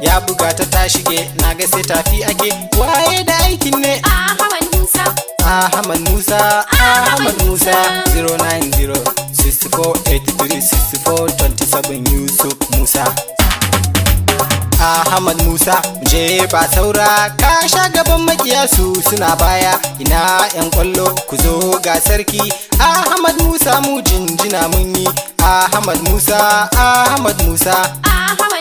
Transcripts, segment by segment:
ya buga ta ta shige na ga sai tafi ake waye da aikin ne Ahmad Musa Ahmad Musa Ahmad Musa 090 64 83 64 27 Yusuf Musa Ahmad Musa je ba saura ka sha gaban makiyasu suna baya ina yan kwallo ku zo ga sarki Ahmad Musa mu jinjina mun yi Ahmad Musa Ahmad Musa Ahmad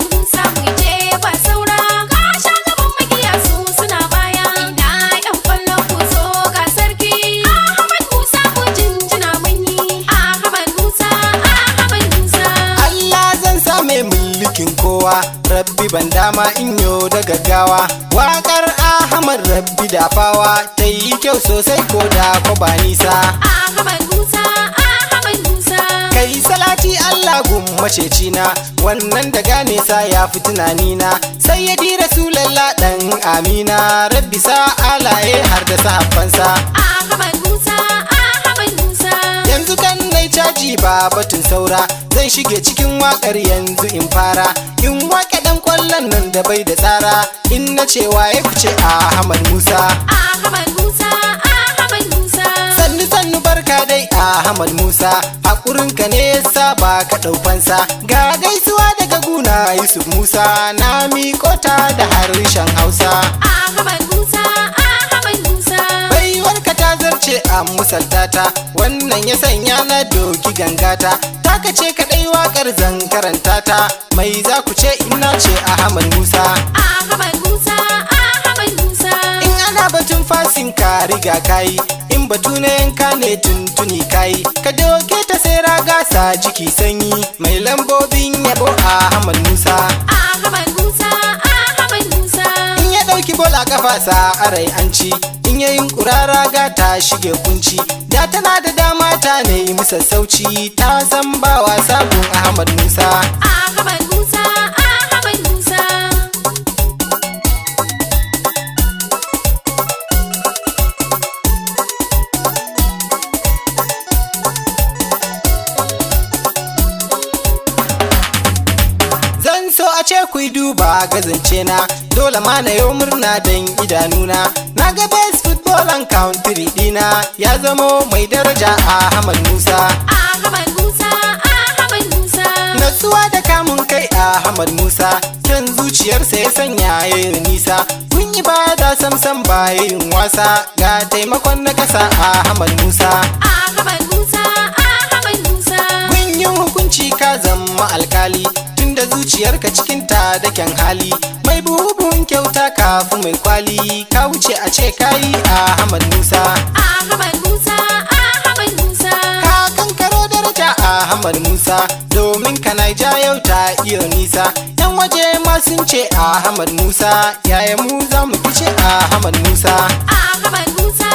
ban dama in yo da gaggawa waƙar ahmad rabbi fawa ta yi kyau sosai ko da ko ba nisa ahmad musa ahmad musa kai salati allah gummace na. wannan daga nesa ya fi na sai ya di rasulalla dan amina rabbi sa alaye har da sahabbansa ahmad musa yanzu kan nai caji ba batun saura zan shige cikin wakar yanzu in fara in wake dan kwallon nan da bai da tsara in na ce waye ku ce Ahmad Musa Ahmad Musa Ahmad Musa sannu sannu barka dai Ahmad Musa hakurin ka ne ba ka daufansa ga gaisuwa daga guna Yusuf Musa na miƙota da harshen Hausa Ahmad Musa Ahmad Musa zarce a musantata wannan ya sanya na doki gangata ta ka ce kaɗai wakar zankaranta ta mai za ku ce ina ce a musa musa in ana batun fasin ka riga kayi in batu na yanka ne tuntuni kayi ka doke ta sai raga sa jiki sanyi mai lambobin yabo ahmad musa ahmad musa ahmad musa in ya ɗauki bol a kafa sa arai an ci in yayin kurara ga ta shige kunci da tana da dama ta nayi musa sauci ta san ba wasa gun Ahmad Musa Ahmad Musa Ahmad Musa Zan so a ce ku duba gazance na dole ma na yau murna don idanuna na ga best Dolan country dina ya zama mai daraja a Ahmad Musa. Ahmad Musa, Ahmad Musa. Natsuwa da kamun kai a Ahmad Musa, kyan zuciyarsa ya sanya yayin nisa. Kun yi bada samsam ba yin wasa, ga taimakon na kasa a Ahmad Musa. Ahmad Musa, Ahmad Musa. Kun yi hukunci ka zama alkali, tunda zuciyarka cikin ta da kyan hali. Mai bubu kafin mai kwali ka wuce a ce kayi Ahmad Musa Ahmad Musa Ahmad Musa ka kankaro daraja Ahmad Musa domin ka ja yau ta iyo nisa yan waje ma sun ce Ahmad Musa yaya mu za mu fice Ahmad Musa Ahmad Musa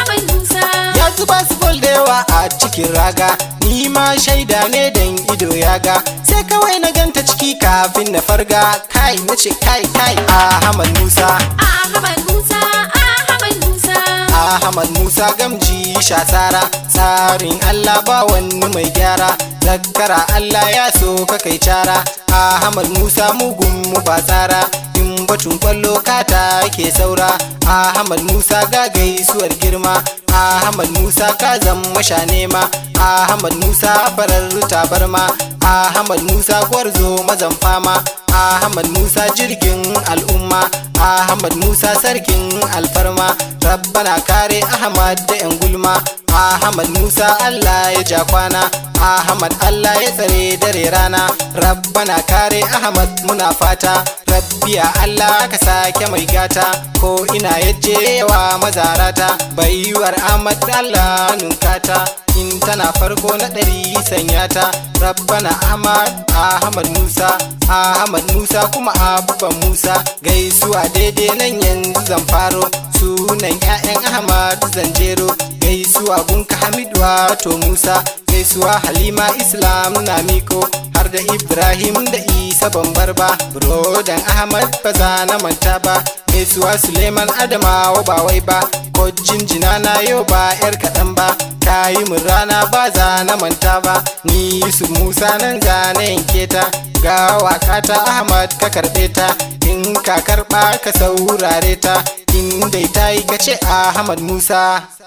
Ahmad Musa ya zuba su da yawa a cikin raga ni ma shaida ne dan ido ya ga sai kawai na gan sarki kafin na farga kai na ce kai kai Ahmad Musa Ahmad Musa Ahmad Musa Ahmad Musa gamji shasara tsarin Allah ba wani mai gyara zakara Allah ya so ka kai cara Ahmad Musa mugun mu ba tsara in batun kwallo kata ke saura Ahmad Musa ga gaisuwar girma Ahmad Musa ka zama sha nema Ahmad Musa farar tabarma Ahmad Musa Gwarzo mazan fama Ahmad Musa jirgin al'umma Ahmad Musa sarkin alfarma Rabbana kare Ahmad da 'yan gulma Ahmad Musa Allah ya jakwana. Ahmad Allah ya tsare dare rana Rabbana kare Ahmad muna fata Rabbiya Allah ka sake mai gata Ko ina yaje wa mazarata Baiwar Ahmad Allah nunkata in tana farko na ɗari sanya ta rabbana ahmad ahmad musa ahmad musa kuma abubban musa gaisuwa daidai nan yanzu zan faro sunan 'ya'yan ahmad zan jero gaisuwa gunka hamidu wato musa gaisuwa halima islam na miko da Ibrahim da Isa bar ba Brodan Ahmad ba za na manta ba Mesuwa Suleiman Adamawa ba wai ba Kocin jinana yau ba yar kaɗan ba Ta yi mun rana ba za na manta ba Ni Yusuf Musa nan za na yanke ta Ga waka Ahmad ka karɓe ta In ka karɓa ka saurare ta In dai ta yi ka Ahmad Musa